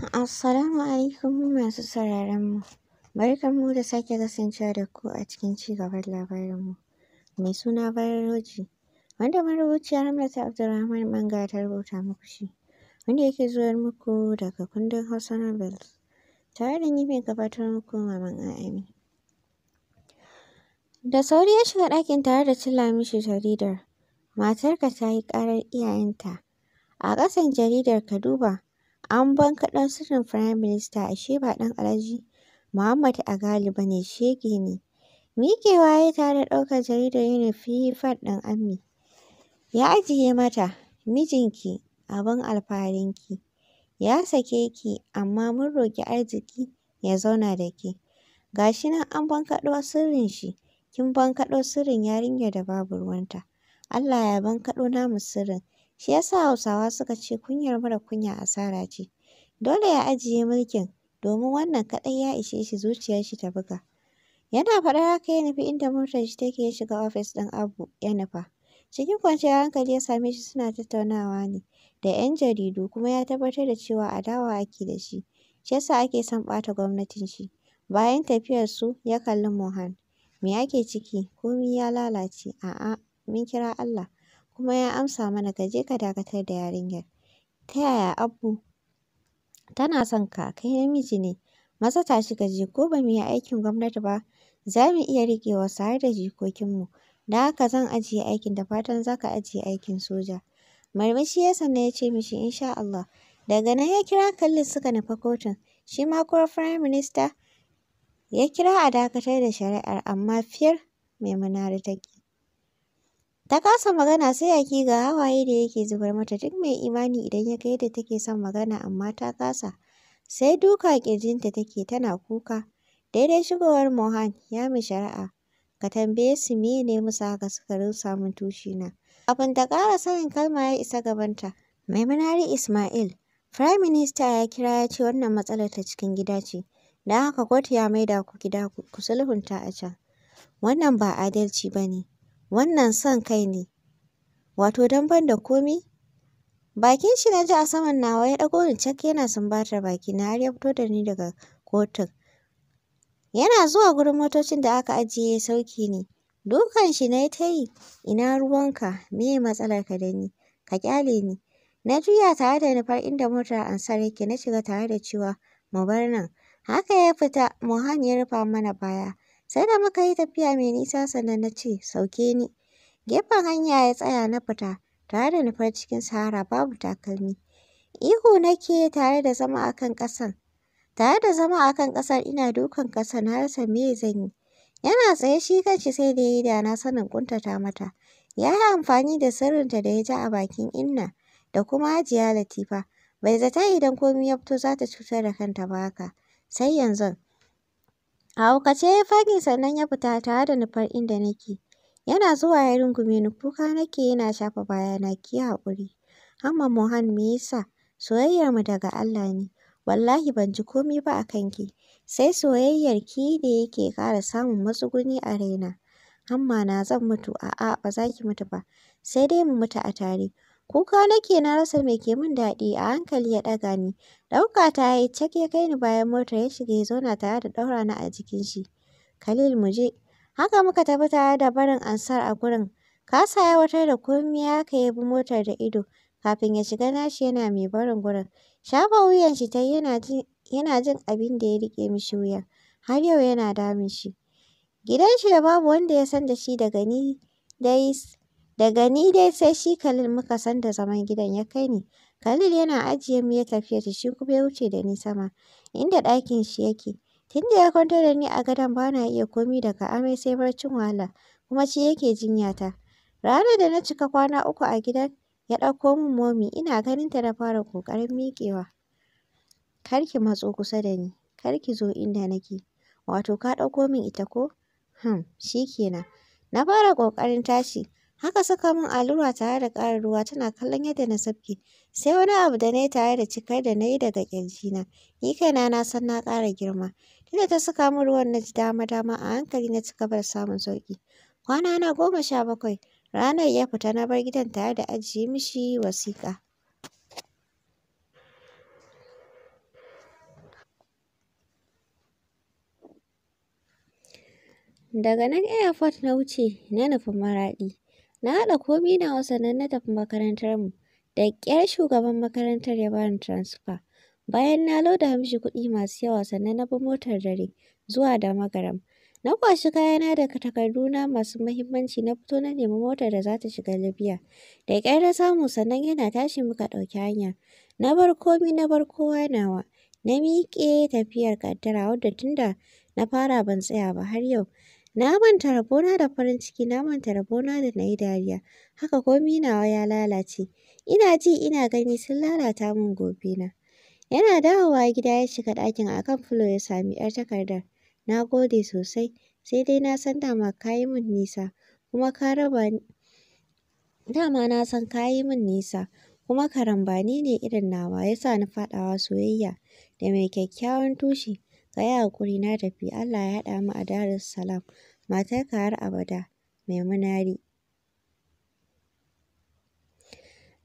Assalamu alaikum masu sauraron mu. Barkan mu da sake kasancewa da ku a cikin ci gaban labarin mu. Mai suna Bayan wanda marubuciyar Hamzat Abdulrahman Manga ta rubuta muku shi, wanda yake zuwar muku daga kundin Hausa Novels. Tare da ni mai gabatar muku Maman A'ami. Da sauri ya shiga ɗakin tare da cilla mishi jaridar. Matarka ta yi ƙarar iyayenta. A ƙasan jaridar ka duba. An bankaɗo sirrin Firaminista ashe ba ɗan Alhaji Muhammad Agali ba ne, shege ne. mikewa ya yi tare da ɗaukar jaridar Unified ɗin Ammi, ya ajiye mata. Mijinki, abin alfarinki. ya sake ki amma mun roƙi arziki ya zauna da ke. gashi nan an bankaɗo sirrin shi, kin bankaɗo sirrin yarinyar da babu ruwanta. Allah ya bankaɗo namu sirrin. Shi yasa Hausawa suka ce kunyar mara kunya asara ce. Dole ya ajiye mulkin domin wannan kaɗai ya ishe shi zuciyar shi ta buga. Yana faɗar haka ya nufi inda motar shi take ya shiga ofis ɗin Abu ya nufa. Cikin kwanciyar hankali ya same shi suna tattaunawa ne da 'yan jaridu kuma ya tabbatar da cewa adawa ake da shi. Shi yasa ake son ɓata gwamnatin shi. Bayan tafiyar su ya kalli Mohan. Me ake ciki? Komi ya lalace. A'a, mun kira Allah. kuma ya amsa mana ka je ka dakatar da yarinyar. Ta yaya Abbu? Tana son ka, kai namiji ne. Maza tashi ka je ko ba mu yi aikin gwamnati ba, za mu iya riƙe wasu har da jikokinmu. Da haka zan ajiye aikin da fatan za ka ajiye aikin soja. Marmashi ya sanna ya ce mishi insha Allah. Daga nan ya kira Khalid suka nufa kotun. Shi ma kuwa Firayim Minista ya kira a dakatar da shari'ar amma fiyar Maimuna da ta Ta kasa magana sai ki ga hawaye da yake zubar mata duk mai imani idan ya kai da take son magana amma ta kasa. Sai duka ƙirjinta take tana kuka. Daidai shigowar Mohan ya mi shari'a. Ka tambaye su me ne haka suka rusa min tushina. Kafin ta ƙara sanin kalma ya isa gabanta. Mai Munari Ismail. Firayim Minista ya kira ya ce wannan matsalar ta cikin gida ce. Na haka kotu ya maida ku gida ku sulhunta a can. Wannan ba adalci ba ne. wannan son kai ne, wato don ban da komi? Bakin shi na ji a saman nawa ya ɗago ni cak yana sumbatar baki, na har ya fito da ni daga kotun. Yana zuwa gurin motocin da aka ajiye ya sauke ni. Dukan shi na ta yi, ina ruwanka, me matsalar ka da ni, ka kyale ni. Na juya tare da nufar inda motar ansar yake na shiga tare da cewa mu bar nan. Haka ya fita, Mohan ya rufa mana baya. Sai da muka yi tafiya mai nisa sannan na ce, sauke ni. Gefen hanya ya tsaya na fita, tare da nufar cikin sahara babu takalmi. Ihu nake tare da zama a kan ƙasan. Tare da zama a kan ƙasan, ina dukan ƙasan. na rasa me zan yi. Yana tsaye shi shi sai da ya yi da na sanin ƙuntata mata. Ya yi amfani da sirrinta da ya ja a bakin Inna da kuma Hajiya Latifa. Bai zata idan komai ya fito za ta cutar da kanta ba haka. Sai yanzu A aukace ya faɗi sannan ya fita tare da nufar inda nake. Yana zuwa ya rungume ni kuka nake yana shafa bayana ki haƙuri. Amma Mohan me yasa? Soyayyarmu daga Allah ne. Wallahi ban ji komai ba a kanki. Sai soyayyar ki ne yake ƙara samun matsuguni a raina. Amma na zan mutu a'a ba za ki mutu ba. Sai dai mu mutu a tare. Kuka nake na rasa mai ke min daɗi a hankali ya ɗaga ni. Ɗauka ta ya yi cak ya kai ni bayan motar ya shiga ya zauna tare da ɗaura ni a jikin shi. Khalil mu je. Haka muka tafi tare da barin Ansar a gurin. Kasa ya watar da komai haka ya bi motar da ido kafin ya shiga nashi yana mai barin gurin. Shafa wuyan shi ta yana jin yana jin abin da ya riƙe mishi wuyan. Har yau yana damun shi. Gidan shi da babu wanda ya san da shi daga ni dai Daga ni dai sai shi Khalil muka san da zaman gidan ya kai ni. Khalil yana ajiye mu ya tafiya da shi kuma ya wuce da ni sama inda ɗakin shi yake. Tun da ya kwanta da ni a gadon ba na iya komi daga amai sai barcin wahala kuma shi yake ta. Ranar da na cika kwana uku a gidan ya ɗauko min momi ina ganin ta na fara ƙoƙarin miƙewa. Kar ki matso kusa da ni, kar ki zo inda nake, wato ka ɗauko min ita ko? Hmm, shi kenan. Na fara ƙoƙarin tashi Haka saka min allura tare da ƙara ruwa tana kallon yadda na sabke. Sai wani abu da na yi tare da cikar da na yi daga na Ni kaina na san na ƙara girma. Tunda ta saka min ruwan na ji dama-dama a hankali na ci gaba da samun sauƙi. Kwana na goma sha bakwai. Ranar ya fita na bar gidan tare da ajiye mishi wasiƙa. Daga nan airport na wuce na nufi Maraɗi. Na haɗa komai nawa sannan na tafi makarantar Da ƙyar shugaban makarantar ya bani transfer. Bayan na loda mishi kuɗi masu yawa sannan na bi motar dare zuwa da Damagaram. Na kwashi kayana da takarduna masu mahimmanci na fito na nemi motar da za ta shiga Libya. Da ƙyar na samu sannan yana tashi muka ɗauki hanya. Na bar komai na bar kowa nawa. Na miƙe tafiyar ƙaddara wadda tunda na fara ban tsaya ba har yau. Na manta rabona da farin ciki, na manta rabona da na yi dariya, haka komi nawa ya lalace. Ina ji ina gani sun lalata min na. Yana dawowa gida ya shiga ɗakin a kan filo ya sami 'yar takardar. Na gode sosai, sai dai na san dama ka yi min nisa, kuma ka raba Dama na san ka yi min nisa, kuma karambani ne irin nawa ya sa ni faɗawa soyayya da mai kyakkyawan tushe. Ka yi haƙuri na tafi, Allah ya haɗa mu a Darussalam, ka har abada, Memunari.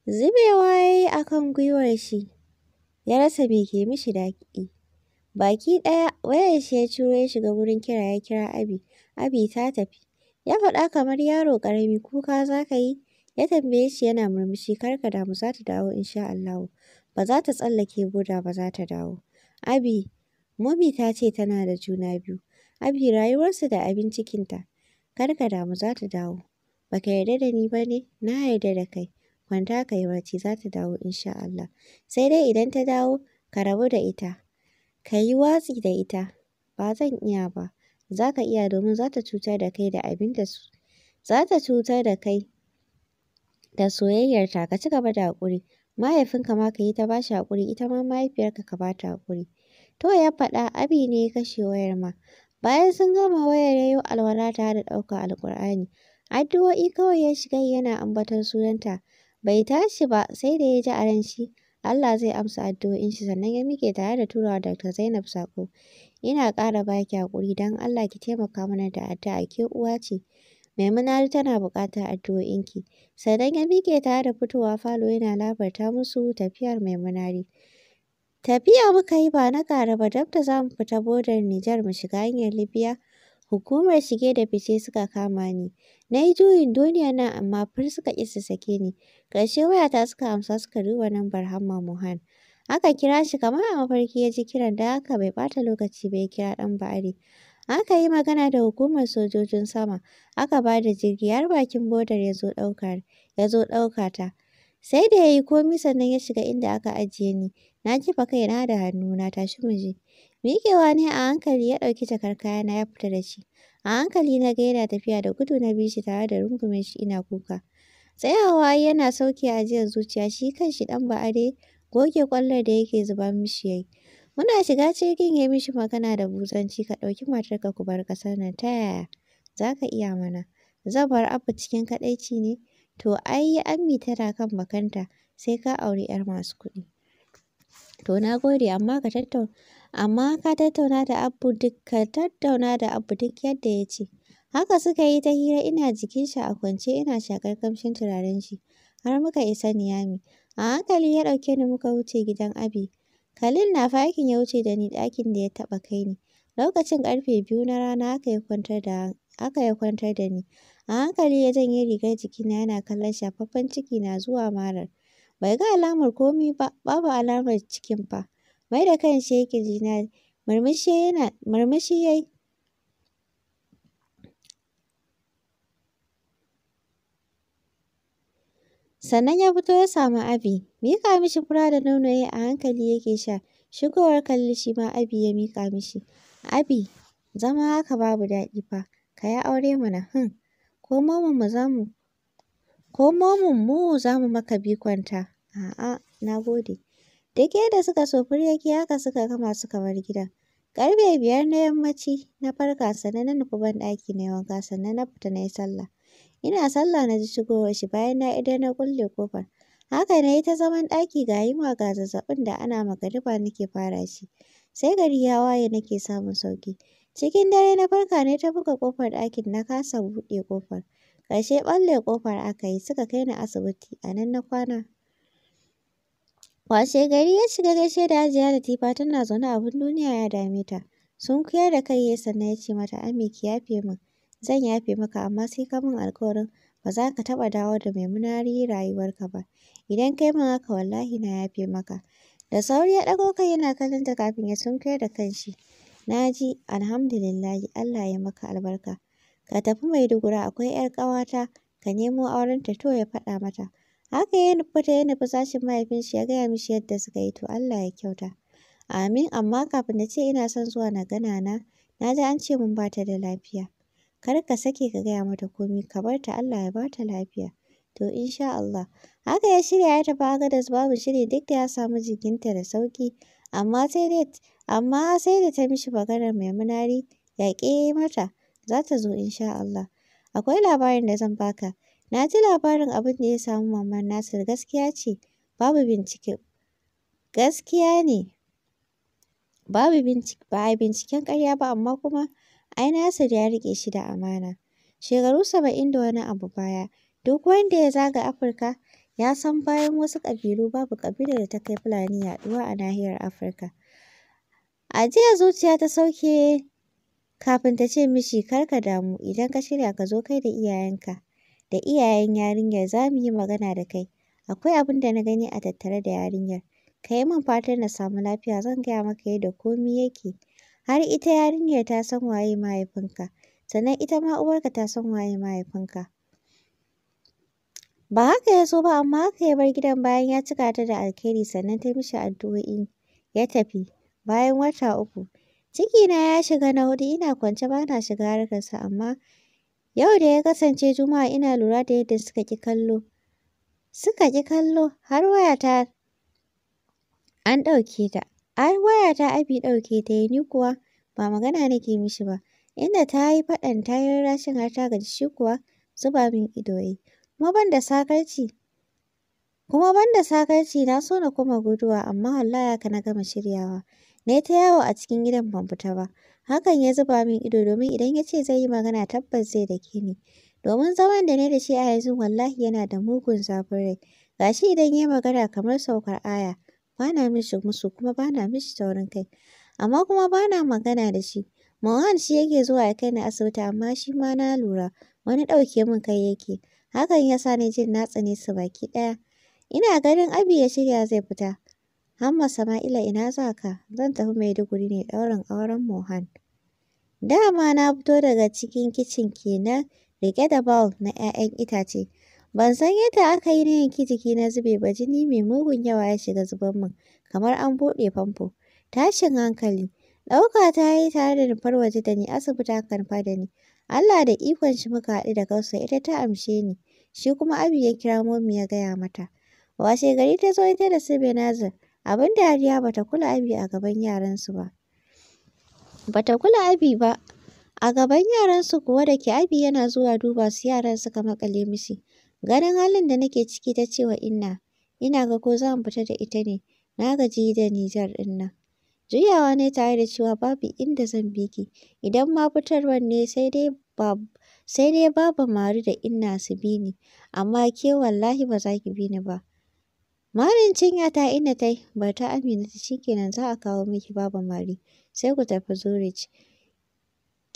Zubewa ya yi a kan gwiwar shi, ya rasa me ke mishi daƙi? Baki ɗaya wayar shi ya ciro ya shiga wurin kira ya kira Abi, Abi ta tafi. Ya faɗa kamar yaro ƙarami kuka za ka yi? Ya tambaye shi yana murmushi kar ka damu za ta dawo insha Allahu. Ba za ta tsallake boda ba za ta dawo. Abi Mummy ta ce tana da juna biyu. Abi rayuwarsu da abin cikinta. Kar ka damu za ta dawo. Ba ka yarda da ni ba ne? Na yarda da kai. Kwanta ka yi barci za ta dawo insha Allah. Sai dai idan ta dawo ka rabu da ita. Ka yi watsi da ita. Ba zan iya ba. Za ka iya domin za ta cutar da kai da abin da su. Za ta cutar da kai da soyayyarta ka ci gaba da haƙuri. Mahaifinka ma ka yi ta ba shi haƙuri ita ma mahaifiyarka ka ba ta haƙuri. To ya faɗa abi ne ya kashe wayar ma. Bayan sun gama wayar ya yi alwala tare da ɗaukar alƙur'ani. Addu'o'i kawai ya shiga yana ambatar sunanta. Bai tashi ba sai da ya ji a ran shi Allah zai amsa addu'o'in shi sannan ya mike tare da turawa Dr. Zainab sako. Ina ƙara baki haƙuri don Allah ki taimaka mana da addu'a ke uwa ce. Maimunari tana buƙatar addu'o'inki. Sannan ya mike tare da fitowa falo yana labarta musu tafiyar Maimunari. Tafiya muka yi ba na ƙara ba dab da za mu fita bodar Nijar mu shiga hanyar Libya. Hukumar shige da fice suka kama ni. Na yi juyin duniya na, amma fur suka ƙi su sake ni. Ƙarshe wayata suka amsa suka duba nambar Hamma Mohan. Aka kira shi kamar a mafarki ya ji kiran da haka bai bata lokaci bai kira ɗan ba'ari. Aka yi magana da hukumar sojojin sama. Aka ba da jirgi har bakin bodar ya zo ɗauka ta. Sai da ya yi komi sannan ya shiga inda aka ajiye ni. Na kifa kaina da hannuna tashi mu je. Miƙewa ne a hankali ya ɗauki jakar kayana ya fita da shi. A hankali na ga yana tafiya da gudu na bi shi tare da rungume shi ina kuka. Tsayawa yana sauke ajiyar zuciya shi kan kanshi ɗan ba'are goge ƙwallon da yake zuba mishi yayi. Muna shiga cikin ya mishi magana da busanci. ka ɗauki matarka ku bar ƙasar nan ta yaya za ka iya mana. Zan bar Abba cikin kaɗaici ne. To ai Ammi tana kan bakanta sai ka auri 'yar masu kuɗi. To na gode amma ka tattauna amma ka tattauna da abu duk ka tattauna da abu duk yadda ya ce. Haka suka yi ta hira ina jikin shi a kwance ina shakar kamshin turaren shi har muka isa Niyami. A hankali ya ɗauke ni muka wuce gidan Abi. Kalin na fakin ya wuce da ni ɗakin da ya taɓa kai ni. Lokacin ƙarfe biyu na rana haka ya kwantar da Haka ya kwantar da ni. A hankali ya janye rigar jikina yana kallon shafaffen na zuwa marar. Bai ga alamar komi ba, babu alamar cikin fa. Mai da kan shi yake jina, murmushi yana, murmushi yayi. Sannan ya fito ya samu Abi. Mika mishi fura da nono a hankali yake sha. Shigowar kalli shi ma Abi ya mika mishi. Abi, zama haka babu daɗi fa. ka yi aure mana hin. Ko momin mu za mu, maka bikonta. A'a, na gode. Duk yadda suka sofuri yake haka suka gama suka bar gidan. Karfe biyar na yammaci na farka sannan na nufi banɗaki na yi wanka sannan na fita na yi sallah. Ina sallah na ji shigowar shi bayan na idan na kulle kofar. Haka na yi ta zaman ɗaki ga yunwa ga zazzaɓin da ana magariba nake fara shi. Sai gari ya waye nake samun sauki Cikin dare na farka ne ta buga ƙofar ɗakin na kasa buɗe ƙofar. Ƙarshe ɓalle ƙofar aka yi suka kai ni asibiti a nan na kwana. Washe gari ya shiga gaishe da Hajiya Latifa tana zaune abin duniya ya dame ta. Sun kuyar da kai ya sannan ya ce mata Ami ki yafe min. Zan yafe maka amma sai ka min alƙawarin ba za ka taɓa dawo da munari rayuwarka ba. Idan kai min haka wallahi na yafe maka. Da sauri ya ɗago kai yana kallon ta kafin ya sunkuyar da kanshi. Na ji, alhamdulillahi, Allah ya maka albarka. Ka tafi Maiduguri akwai 'yar ƙawata, ka nemo auren ta, to ya faɗa mata. Haka ya ta ya nufi sashin mahaifin shi ya gaya mishi yadda suka yi to Allah ya kyauta. Amin, amma kafin na ce ina son zuwa na gana na, na ji an ce mun ba ta da lafiya. Kar ka sake ka gaya mata komi, ka bar ta Allah ya ba ta lafiya. To insha Allah. Haka ya shirya ya tafi Agadas babu shiri duk da ya samu jikinta da sauƙi, amma sai dai Amma sai da ta mishi maganar Maimunari ya ƙi ya mata, za ta zo insha Allah. Akwai labarin da zan baka. Na ji labarin abin da ya samu mamman Nasir gaskiya ce, babu bincike. Gaskiya ne, babu bincike, ba a binciken ƙarya ba amma kuma ai Nasir ya rike shi da amana. Shekaru saba'in da wani abu baya, duk wanda ya zaga Afirka ya san bayan wasu ƙabilu babu ƙabilar da ta kai Fulani yaɗuwa a nahiyar Afirka. A jiya zuciya ta sauke kafin ta ce mishi kar ka damu idan ka shirya ka zo kai da iyayenka da iyayen yarinyar za mu yi magana da kai. Akwai abin da na gani a tattare da yarinyar. Ka yi min fatan na samu lafiya zan gaya maka yadda komi yake. Har ita yarinyar ta san waye mahaifinka sannan ita ma uwarka ta san waye mahaifinka. Ba haka ya so ba amma haka ya bar gidan bayan ya cika ta da alkhairi sannan ta mishi addu'o'i ya tafi. bayan wata uku. Cikina ya shiga na hudu ina kwance ba na shiga harkarsa amma yau da ya kasance juma'a ina lura da yadda suka ƙi kallo. Suka ƙi kallo har wayata an ɗauke ta. Har wayata abi ɗauke ta ni kuwa ba magana nake mishi ba. Inda ta yi faɗan ta yi rashin har ta gaji shi kuwa zuba min ido yi. Kuma ban da sakarci kuma ban da sakarci na so na koma guduwa amma wallahi haka na gama shiryawa Na ta yawo a cikin gidan ban fita ba. Hakan ya zuba min ido domin idan ya ce zai yi magana tabbas zai dake ni. Domin zaman da ne da shi a yanzu wallahi yana da mugun zafin rai. Gashi idan ya magana kamar saukar aya. Bana mishi musu kuma bana mishi taurin kai. Amma kuma bana magana da shi. Mohan shi yake zuwa ya kai ni asibiti amma shi ma na lura wani ɗauke min kai yake. Hakan ya sa ni jin na tsane su baki ɗaya. Ina ganin Abi ya shirya zai fita. Hamma Sama'ila ina za ka? Zan tafi Maiduguri ne ɗaurin auren Mohan. Dama na fito daga cikin kicin kenan rike da bowl na 'ya'yan itace. Ban san yadda aka yi na yanki jiki na zube ba jini mai mugun yawa ya shiga zuban min kamar an buɗe famfo. Tashin hankali. Ɗauka ta yi tare da nufar waje da ni asibiti hakan fa da ni. Allah da ikon shi muka haɗu da kausa ita ta amshe ni. Shi kuma Abi ya kira momi ya gaya mata. Washe gari ta zo ita da na Abin dariya bata kula Abi a gaban yaransu ba. Ba kula Abi ba. A gaban yaransu kuwa da ke Abi yana zuwa duba su yaran suka makale mishi. Ganin halin da nake ciki ta ce wa Inna, ina ga ko zan fita da ita ne, na gaji da Nijar dinnan. nan. Juyawa ne tare da cewa babu inda zan bi ki, idan ma fitarwar ne sai dai ba sai dai baba Mari da Inna su bi ni, amma ke wallahi ba za ki bi ni ba. Marin cinya ta ina ta yi, ta Amina ta shi kenan za a kawo miki Baba Mari, sai ku tafi Zurich.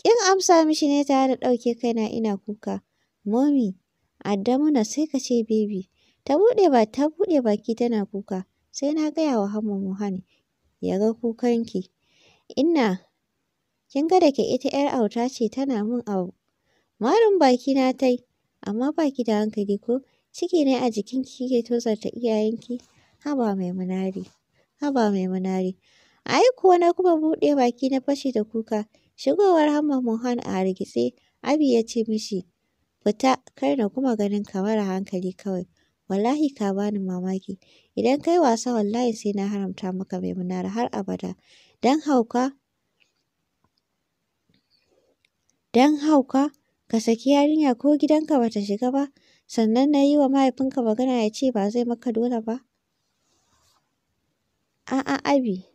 Kin amsa mishi ne tare da ɗauke kaina ina kuka. Mommy, addamuna sai ka ce baby. Ta buɗe ba ta buɗe baki tana kuka, sai na gaya wa Hamma Muhan ya ga kukanki. Ina kin ga da ke ita 'yar auta ce tana mun abu. Marin baki na tai, amma baki da hankali ko? Ciki ne a jikinki kike tozarta ki? Haba mai munari, haba mai munari. Ai kuwa na kuma buɗe baki na fashi da kuka. Shigowar Hamma Mohan a hargitse, Abi ya ce mishi, fita kar na kuma ganin ka mara hankali kawai. Wallahi ka bani mamaki. Idan kai wasa wallahi sai na haramta maka mai munari har abada. Dan hauka, dan hauka, ka saki yarinya ko gidanka bata shiga ba. sannan na yi wa mahaifinka magana ya ce ba zai maka dole ba? A'a Abi,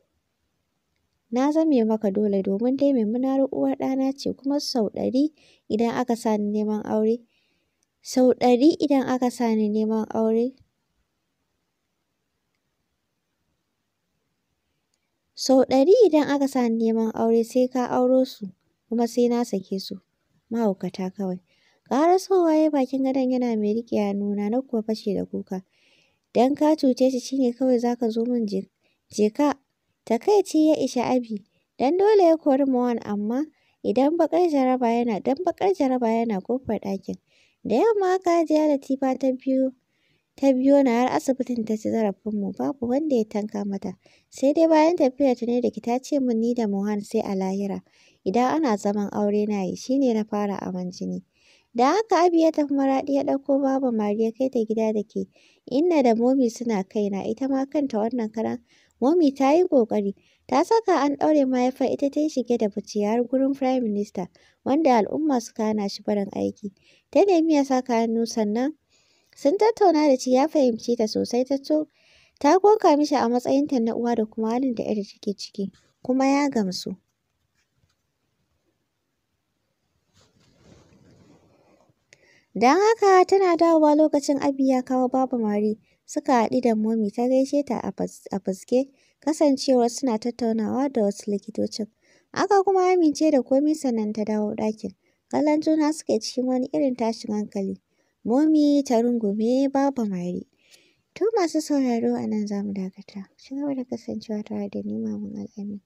na zame maka dole domin dai Maimuna uwar ɗana ce kuma sau ɗari idan aka sa ni neman aure. Sau ɗari idan aka sa ni neman aure. Sau ɗari idan aka sa ni neman aure sai ka auro su kuma sai na sake su, mahaukata kawai. so waye bakin gadon yana mai riƙe hannuna na kuwa fashe da kuka. Dan ka cuce shi shine kawai zaka zo min je ka. Takaici ya isha abi. Dan dole ya kori Mawan amma idan bakar jaraba yana dan bakar jaraba yana kofar ɗakin. Da yamma aka hajiya Latifa ta biyo ta biyo na har asibitin ta ci zarafinmu babu wanda ya tanka mata sai dai bayan tafiyar ta ne da ta ce min ni da Mohan sai a lahira idan ana zaman aure na yi shine na fara aman jini Da haka Abi ya tafi Maraɗi ya ɗauko Babu Mari ya kai ta gida da ke Inna da Momi suna kaina ita ma kanta wannan karan Momi ta yi ƙoƙari. Ta saka an ɗaure mahaifar ita ta yi shige da fice har gurin Firayim Minista, wanda al'umma suka hana shi barin aiki. Ta nemi ya saka hannu sannan sun tattauna da shi ya fahimci ta sosai ta to ta koka mishi a matsayinta na uwa da kuma halin da ‘yar take ciki, kuma ya gamsu. Don haka tana dawowa lokacin abiya ya kawo Baba Mari suka haɗu da Momi ta gaishe ta a fuske kasancewar suna tattaunawa da wasu likitocin. Aka kuma amince da komai sannan ta dawo ɗakin. Kallon juna suke cikin wani irin tashin hankali. Momi ta rungume Baba Mari. To masu sauraro a nan za mu dakata. Ci gaba da kasancewa tare da ni Maman Al'amin.